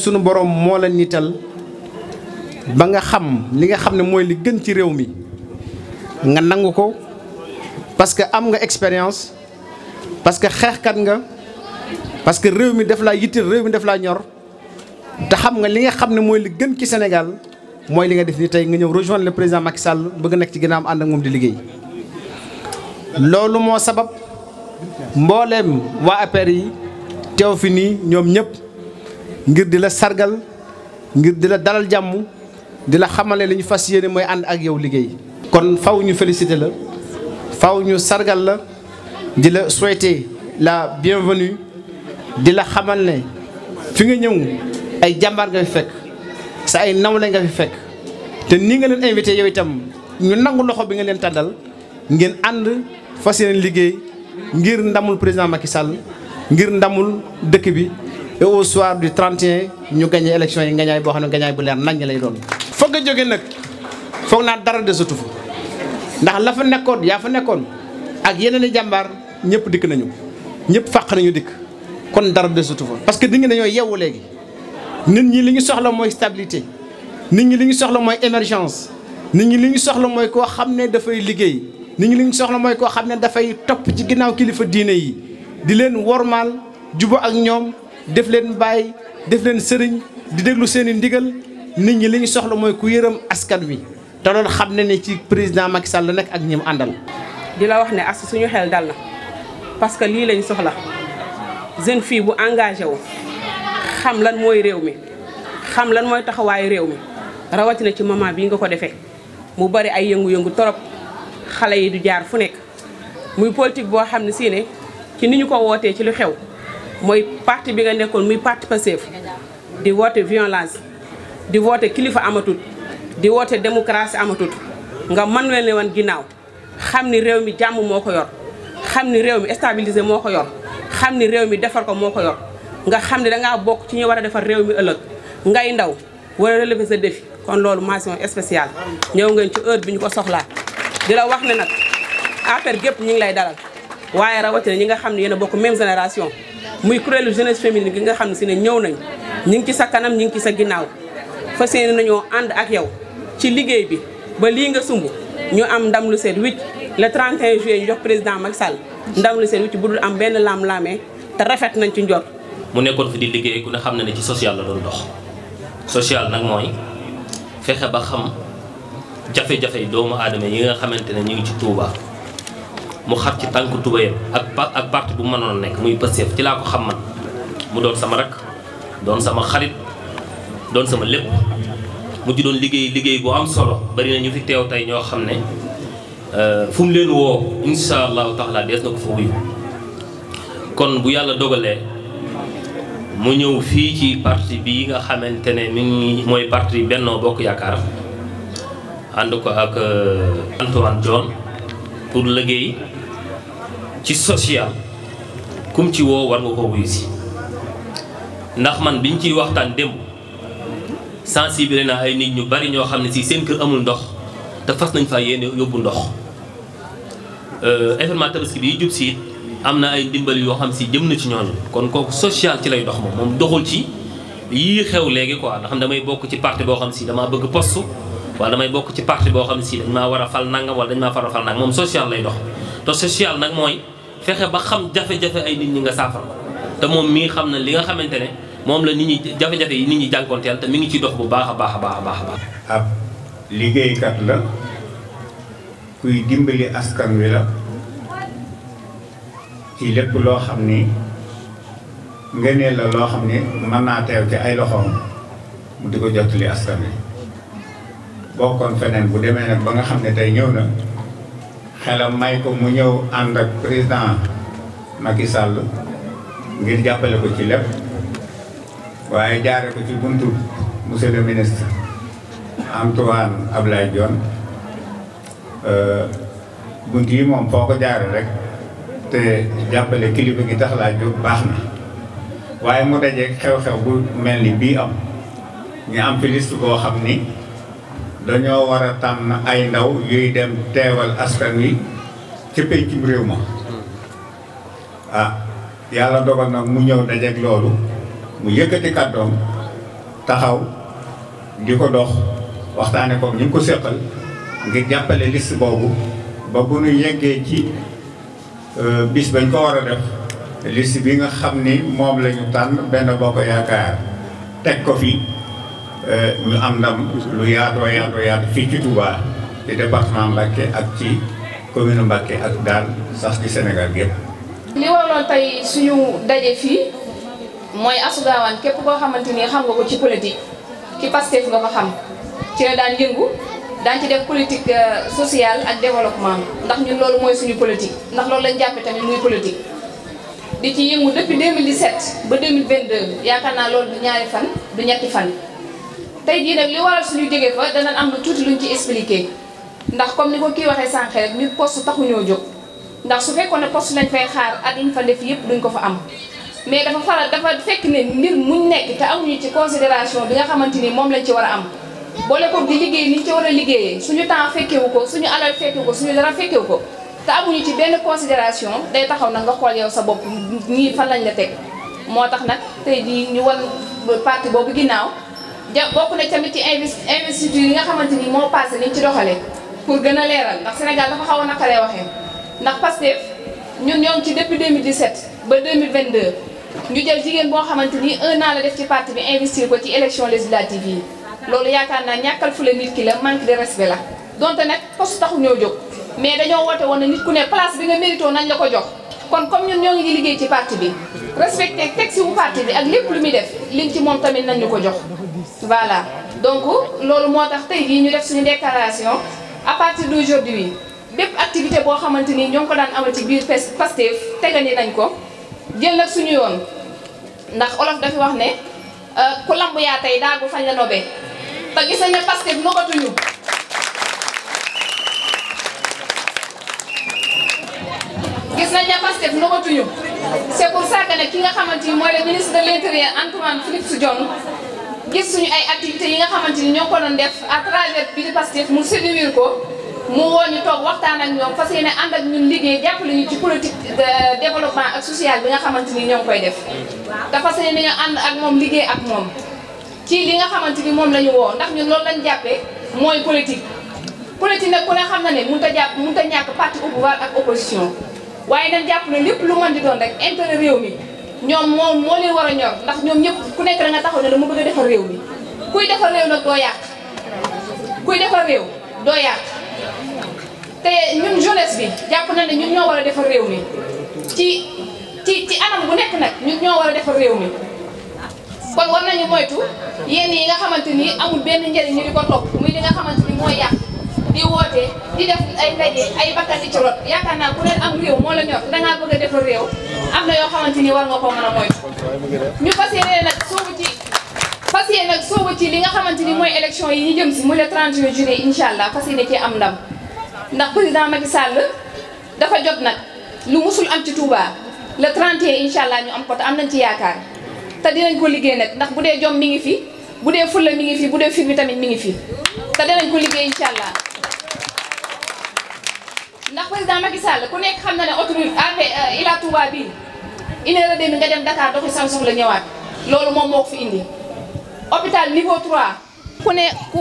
sunu borom moo la nital ba nga xam li nga xam ne mooy li gën ci réew mi nga nangu ko parce que am nga expérience parce que xeexkat nga parce que réew mi daf laa yittil réew mi daf laa ñor te xam nga li nga xam ne mooy li gën ci Sénégal mooy li nga def ni tey nga ñëw rejoindre le président Macky Sall bëgg nekk ci ginnaaw am ànd ak moom di liggéey loolu moo sabab mbooleem waa APR yi teew fi nii ñoom ñëpp. ngir di la sargal ngir di la dalal jàmm di la xamale li ñu fas yéene mooy ànd ak yow liggéey. kon faw ñu félicité la faw ñu sargal la di la souhaiter la bienvenue di la xamal ne fi nga ñëw ay jàmbaar nga fi fekk sa ay nawle nga fi fekk te nii nga leen invité yow itam ñu nangu loxo bi nga leen tàndal ngeen ànd fas yéene liggéey ngir ndamul président Macky Sall ngir ndamul dëkk bi. et au soir du 31 ñu gagné élection yi ngañaay boo xam ne ngañaay bu leer nañ lay doon. foog nga jógee nag foog naa dara desatu fa ndax la fa nekkoon yaa fa nekkoon ak yeneen i jàmbaar ñëpp dikk nañu ñëpp fàq nañu dikk kon dara desatu fa. parce que di nga dañoo yeewu léegi nit ñi li ñu soxla mooy stabilité nit ñi li ñu soxla mooy émergence nit ñi li ñu soxla mooy koo xam ne dafay liggéey nit ñi li ñu soxla mooy koo xam ne dafay topp ci ginnaaw kilifa diine yi di leen wormaal jubo ak ñoom. def leen bàyyi def leen sëriñ di déglu seen i ndigal nit ñi li ñu soxla mooy ku yërëm askan wi te loolu xam ne ne ci président Macky Sall la nekk ak ñi mu àndal. di la wax ne as suñu xel dal na parce que lii lañ soxla jeune fii bu engagé wu xam lan mooy réew mi xam lan mooy taxawaayu réew mi rawatina ci moment bii nga ko defee mu bari ay yëngu-yëngu torop xale yi du jaar fu nekk muy politique boo xam ne siine ci ni ñu ko wootee ci lu xew. mooy parti bi nga nekkoon muy parti Pastef di woote violence di woote kilifa amatut di woote démocratie amatut nga mën leen ne woon ginnaaw xam ni réew mi jàmm moo ko yor xam ni réew mi stabiliser moo ko yor xam ni réew mi defar ko moo ko yor nga xam ne dangaa bokk ci ñu war a defar réew mi ëllëg ngay ndaw war a relever sa defi kon loolu mention spéciale ñëw ngeen ci heure bi ñu ko soxlaa di la wax ne nag affaire gépp ñu ngi lay dalal waaye rawatina ñi nga xam ne yéen a bokk même génération muy kuréelu jeunesse féminine gi nga xam ne si ne ñëw nañ ñu ngi ci sa kanam ñu ngi ci sa ginnaaw fa yéene nañoo ànd ak yow ci liggéey bi ba lii nga sumb ñu am ndam lu seet wicc le 31 juillet ñu jox président Macky Sall ndam lu seet wicc bu dul am benn laam-laamee te rafet nañ ci njort. mu nekkoon fi di liggéey ku ne xam na ne ci social la doon dox social nag mooy fexe ba xam jafe-jafe doomu aadama yi nga xamante ne ñu ngi ci tuubaa mu xar ci tànk tubayam ak pa ak parti bu mënoon a nekk muy Pastef ci laa ko xam man mu doon sama rak doon sama xarit doon sama lépp mu ju doon liggéey liggéey boo am solo bari na ñu fi teew tey ñoo xam ne euh, fu mu leen woo insha allahu taala dees na ko fa wuyu kon bu yàlla dogalee mu ñëw fii ci parti bi nga xamante ne mi ngi mooy parti bennoo Bokk Yaakaar ànd ko ak euh, Antoine Diome pour liggéey ci social kum ci woo war nga ko wuyu si ndax man biñ ciy waxtaan démb sensibiliser na ay nit ñu bari ñoo xam ne si seen kër amul ndox te fas nañ faa yéene yóbbu ndox euh, événement tabaski bi jub si am na ay ndimbal yoo xam si jëm na ci ñoom kon kooku social ci lay dox ma moom doxul ci yii xew léegi quoi ndax damay bokk ci parti boo xam si dama bëgg poste wala damay bokk ci parti boo xam si dañ war a fal nangam wala dañ maa far a fal nangam moom social lay dox. te social nag mooy fexe ba xam jafe-jafe ay nit ñi nga saafara te moom mii xam na li nga xamante ne moom la nit ñi jafe-jafe yi nit ñi jànkoonteel te mu ngi ci dox bu baax a baax a baax a baax a baax. ab liggéeykat la kuy dimbali askan wi la ci lépp loo xam ni ngëneel la loo xam ni man naa teew ci ay loxoom di ko jottali askan wi bokkoon feneen bu demee nag ba nga xam ne tey ñëw na. xelam may ko mu ñëw ànd ak président Macky Sall ngir jàppale ko ci lépp waaye jaare ko ci buntu monsieur le ministre ab Abdoulaye Dione euh, buntu yi moom foo ko jaare rek te jàppale kilifa gi tax laa jóg baax na waaye mu dajee xew-xew bu mel ni bii am ñu am fi boo xam ni dañoo war a tànn ay ndaw yuy dem teewal askan wi ci péncum réew ma ah yàlla dogal nag mu ñëw dajeeg loolu mu yëkkati kàddoom taxaw di ko dox waxtaane ko ñu ko séqal ngir jàppale list boobu ba bu ñu yëgee ci euh, bis bañ ko war a def liste bi nga xam ni moom lañu tànn benn boo yaakaar teg ko fi Eh, ñu am na lu yaatoo yaatoo yaatu fii ci Touba ci département Mbacké ak ci commune Mbacké ak daal sax ci Sénégal gépp li waroon tey suñu daje fii mooy Astou Gawane képp koo xamante ni xam nga ko ci politique ci Pastef nga ko xam ci la daan yëngu daan ci def politique euh, sociale ak développement ndax ñun loolu mooy suñu politique ndax loolu lañ jàppe tamit muy politique di ci yëngu depuis 2017 ba 2022 yaakaar naa loolu du ñaari fan du ñe fan tey jii nag li waral suñu jóge fa danañ am lu tuuti luñ ci expliqué ndax comme ni ko kii waxee sànq rek ñun post taxuñoo jóg ndax su fekkoon ne poste lañ fay xaar ak liñ fa def yëpp duñ ko fa am mais dafa faral dafa fekk ne mbir muñ nekk te amuñu ci considération bi nga xamante ni moom lañ ci war a am boole ko di liggéey ni ñu ci war a liggéeyee suñu temps fekkeewu ko suñu alal fekkewu ko suñu dara fekkewu ko te amuñu ci benn considération day taxaw na nga xool yow sa bopp ñii fan lañ la teg moo tax nag tey jii ñu wan parti boobu ginnaaw ja bokk na tamit ci investiture yi nga xamante ni moo passé niñ ci doxalee pour gën a leeral ndax Sénégal dafa xaw a naqaree waxee ndax Pastef ñun ñoo ngi ci depuis 2017 ba 2022 ñu jël jigéen boo xamante ni un an la def ci parti bi investir ko ci élection législative yi loolu yaakaar naa ñàkkal fu nit ki la manque de respect la donte nag poste taxu ñoo jóg mais dañoo woote woon na nit ku ne place bi nga mérito nañ la ko kon comme ñun ñoo ngi liggéey ci bi respecte texte bu parti bi ak lépp lu muy def liñ ci moom tamit nañu ko jox voilà donc loolu moo tax tey jii ñu def suñu déclaration à partir wi bépp activité boo xamante ni ñoo ngi ko daan amal ci biir Pastef tegani nañ ko jël nag suñu yoon ndax olof dafa wax ne euh, ku lamb yaa tey daagu fañ la nobee te gis nañ ne Pastef nobatuñu gis nañ ne Pastef nobatuñu c'est pour ça que nag ki nga xamante ni mooy le ministre de l'intérieur Antoine su Diome gis suñu ay activités yi nga xamante ni ñoo ko doon def a travers bi di Pastef mu séduire ko mu woo ñu toog waxtaan ak ñoom fas yéene ànd ak ñun liggéey jàppale ñu ci politique de ak social bi nga xamante ni ñoo ngi koy def te fas yéene nga ànd ak moom liggéey ak moom ci li nga xamante ni moom lañu ñu woo ndax ñun loolu lañ jàppee mooy politique politique nag ku ne xam na ne mënut a jàpp mënut a ñàkk parti au pouvoir ak opposition waaye dañ jàpp ne lépp lu man di doon rek intérêt réew mi ñoom moo moo leen war a ñor ndax ñoom ñëpp ku nekk da nga ne dama a defar réew mi kuy defar réew nag doo yàq te ñun jeunesse jàpp na ne ñun ñoo war a defar réew mi ci bu nekk nag ñun defar réew mi kon war nañu moytu yenn yi nga xamante ni amul benn njariñ ñu di ko muy li nga xamante ni mooy yàq di woote di def ay ndaje ay bakkan di ci rot yaakaar naa ku leen am réew moo la ñor dangaa bëgg a defar réew am na yoo xamante ni war nga koo man a mooy ñu fas yéene nag soobu ci fas ci li xamante ni mooy élection yi ñu jëm si mu le 30 juillet incha allah fas yéene cee am ndam ndax président Macky Sall dafa jot nag lu musul am ci Touba le 31 incha allah ñu am ko te am nañ ci yaakaar te dinañ ko liggéey nag ndax bu dee jom mi ngi fi bu dee fulla mi ngi fi bu dee fit bi tamit mi ngi fi te ndax président Macky Sall ku nekk xam na ne autoroute AP euh, Ila Touba bii une heure demi nga dem Dakar doxi sa soxla ñëwaat loolu moom moo ko fi indi. hôpital niveau 3 ku ne ku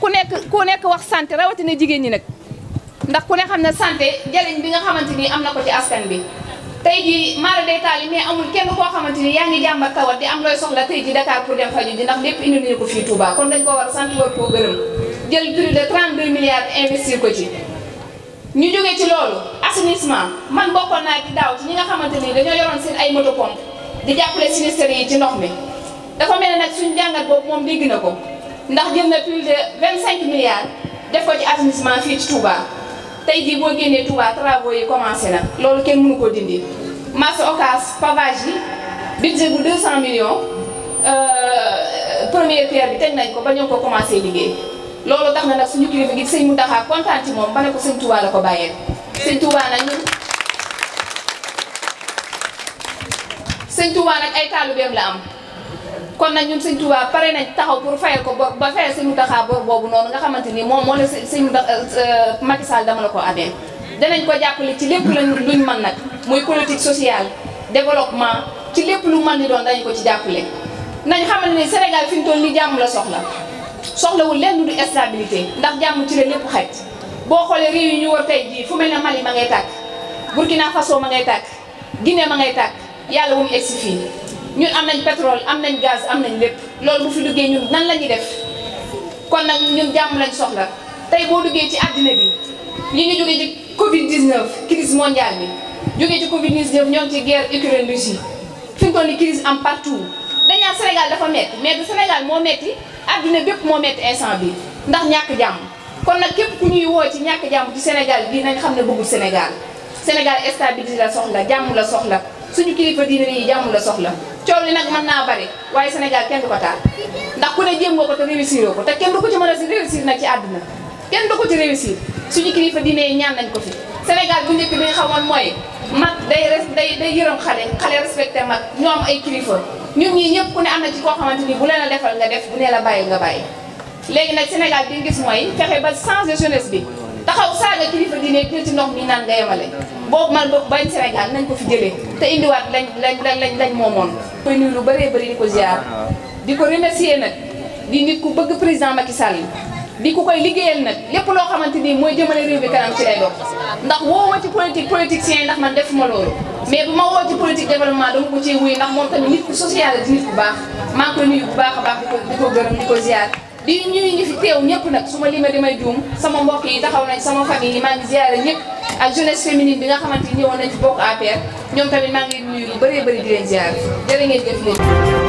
ku nekk ku nekk wax santé rawatina jigéen ñi nag ndax ku ne xam ne santé jëriñ bi nga xamante ni am na ko ci askan bi. tey jii mara day taal yi mais amul kenn koo xamante ni yaa ngi jàmbat tawat di am looy soxla tey jii Dakar pour dem faju ji ndax lépp indi nañu ko fii Touba kon dañ ko war a sant war koo gërëm jël plus de 32 milliards investir ko ci. ñu jóge ci loolu assainissement man bokkoon naa ci daaw ñi nga xamante ni dañoo yoroon seen ay moto pompe di jàppale sinistre yi ci ndox mi dafa mel ne nag suñ jàngat boobu moom dégg na ko ndax jël na plus de 25 milliards def ci assainissement fii ci Touba tey jii boo génnee Touba travaux yi commencé na loolu kenn mënu ko dindi marché Ocass pavage yi budget bu 200 millions euh, première pierre bi teg nañ ko ba ñoo ko commencé liggéey. loolu tax na nag suñu bi gi sëñ Mountakha kontaan ci moom ba ne ko sëñ Touba la ko bàyyee sëñ Touba nag ñun sëñ Touba ay taalibeem la am kon nag ñun sëñ Touba pare nañ taxaw pour fayal ko ba ba fayal sëñ Mountakha boobu noonu nga xamante ni moom moo la sëñ euh, Macky Sall dama la ko amee danañ ko jàppale ci lépp lañ luñ man nag muy politique sociale développement ci lépp lu mën ni doon dañ ko ci jàppale nañ xamal ni Sénégal fi mu toll nii jàmm la soxla soxlawul lenn du stabilité ndax jàmm ci la lépp xaj boo xoolee réew yi ñu war tey jii fu mel ne Mali ma ngay tàkk Burkina Faso ma ngay tàkk Guinée ma ngay tàkk yàlla bu mu egsi fii ñun am nañ pétrole am nañ gaz am nañ lépp loolu bu fi duggee ñun nan la ñuy def kon nag ñun jàmm lañ soxla tey boo duggee ci àddina bi ñu ngi jógee ci Covid 19 crise mondiale bi jógee ci Covid 19 ñoo ngi ci guerre Ukraine Russie fi mu toll nii am partout dañaa Sénégal dafa metti mais du Sénégal moo metti adduna bépp moo métti instant bi ndax ñàkk jàmm kon nag képp ku ñuy woo ci ñàkk jàmm ci Sénégal bii nañ xam ne bëggul Sénégal Sénégal stabilité la soxla jàmm la soxla suñu kilifa diine yi jàmm la soxla coow li nag mën naa bari waaye Sénégal kenn du ko taal ndax ku ne jéem nga ko te réussir ko te kenn du ko ci mën a réussir nag ci àdduna kenn du ko ci réussir suñu kilifa diine yi ñaan nañ ko fi Sénégal bu njëkk bi nga xamoon mooy mag day day day yërëm xale respecté mag ñoo ay kilifa nit ñii ñëpp ku ne am na ci koo xamante ni bu leen la defal nga def bu ne la bàyyi nga bàyyi léegi nag Sénégal bi gis mooy fexe ba changer jeunesse bi taxaw saaga kilifa diine jël ci ndox mi naan nga yemale boobu man boobu bañ Sénégal nañ ko fi jëlee te indiwaat lañ lañ lañ lañ moomoon. koy nuyu lu baree bëri di ko ziar di ko remercier nag di nit ku bëgg président Macky Sall di ku koy liggéeyal nag lépp loo xamante ni mooy jëmale réew bi kanam ci lay dox ndax woo ma ci politique politicien mais bu ma woo ci politique développement dama ko ci wuy ndax moom tamit nit ku social la di nit ku baax maa ngi ko nuyu bu baax a baax di ko di ko gërëm ma limee damay juum sama mbokk yi taxaw nañ sama famille yi maa ngi ziare ñëpp ak jeunesse féminine bi nga xamante ni ñëwoon nañ ci bokk APR ñoom tamit maa ngi nuyu yu bëree bëri di leen ziar jërë ngeen jëf leen